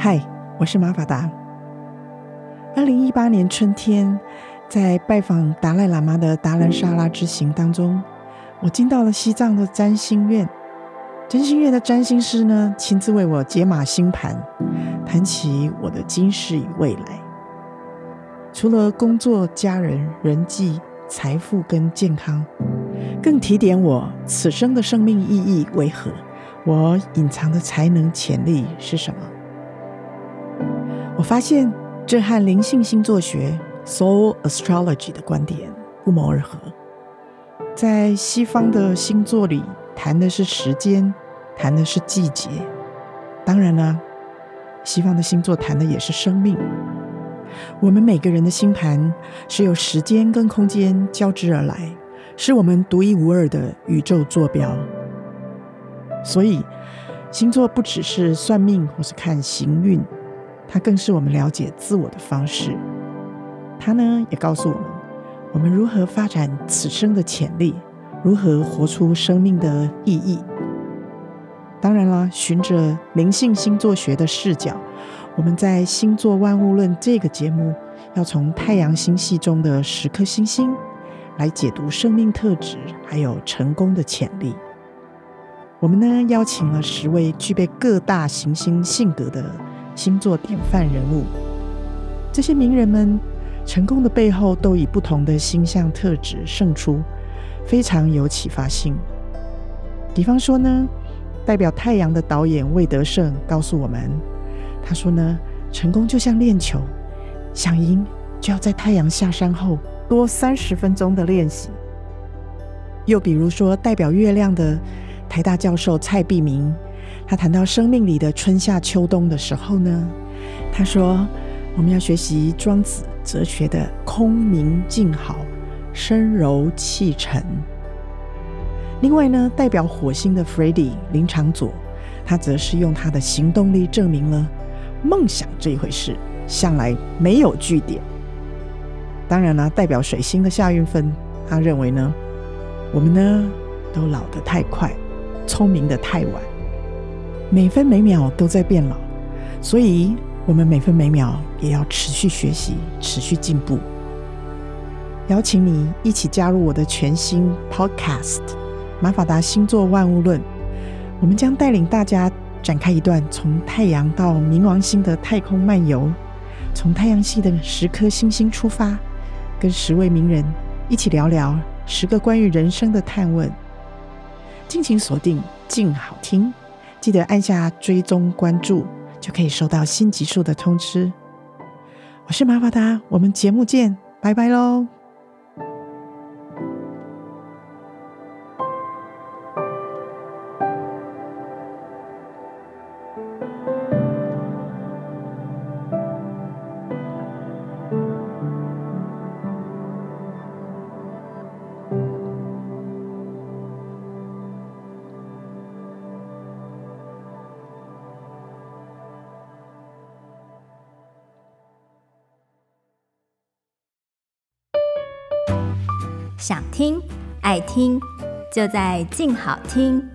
嗨，Hi, 我是瑪法達。二零一八年春天，在拜訪達賴喇嘛的達蘭薩拉之行當中，我進到了西藏的占星院。占星院的占星師呢，親自為我解碼星盤，談起我的今世與未來。除了工作、家人、人際、財富跟健康，更提點我此生的生命意義為何？我隱藏的才能潛力是什麼？我發現這和靈性星座學 （Soul Astrology） 的觀點不謀而合。在西方的星座裡，談的是時間，談的是季節。當然啦，西方的星座談的也是生命。我們每個人的星盤是由時間跟空間交織而來，是我們獨一無二的宇宙坐標。所以，星座不只是算命，或是看行運。它更是我們了解自我的方式。它呢，也告訴我們我們如何發展此生的潛力，如何活出生命的意義。當然啦，循着靈性星座學的視角，我們在《星座萬物論》這個節目要從太陽星系中的十顆星星來解讀生命特質，還有成功的潛力。我們呢，邀請了十位具備各大行星性格的。星座典範人物，這些名人們成功的背後都以不同的星象特質勝出，非常有啟發性。比方說呢，代表太陽的導演魏德聖告訴我們，他說呢，成功就像練球，想贏就要在太陽下山後多三十分鐘的練習。又比如說代表月亮的台大教授蔡璧名。他談到生命裡的春夏秋冬的時候呢，他說，我們要學習莊子哲學的空明靜好、深柔氣沉。另外呢，代表火星的 Freddy 林長佐，他則是用他的行動力證明了夢想這一回事向來沒有句點。當然呢，代表水星的夏運分，他認為呢，我們呢都老得太快，聰明得太晚。每分每秒都在變老，所以我們每分每秒也要持續學習、持續進步。邀請你一起加入我的全新 Podcast《馬法達星座萬物論》，我們將帶領大家展開一段從太陽到冥王星的太空漫遊，從太陽系的十顆星星出發，跟十位名人一起聊聊十個關於人生的探問。敬請鎖定，靜好聽。記得按下追蹤關注，就可以收到新集數的通知。我是瑪法達，我們節目見，拜拜嘍。想聽、愛聽，就在鏡好聽。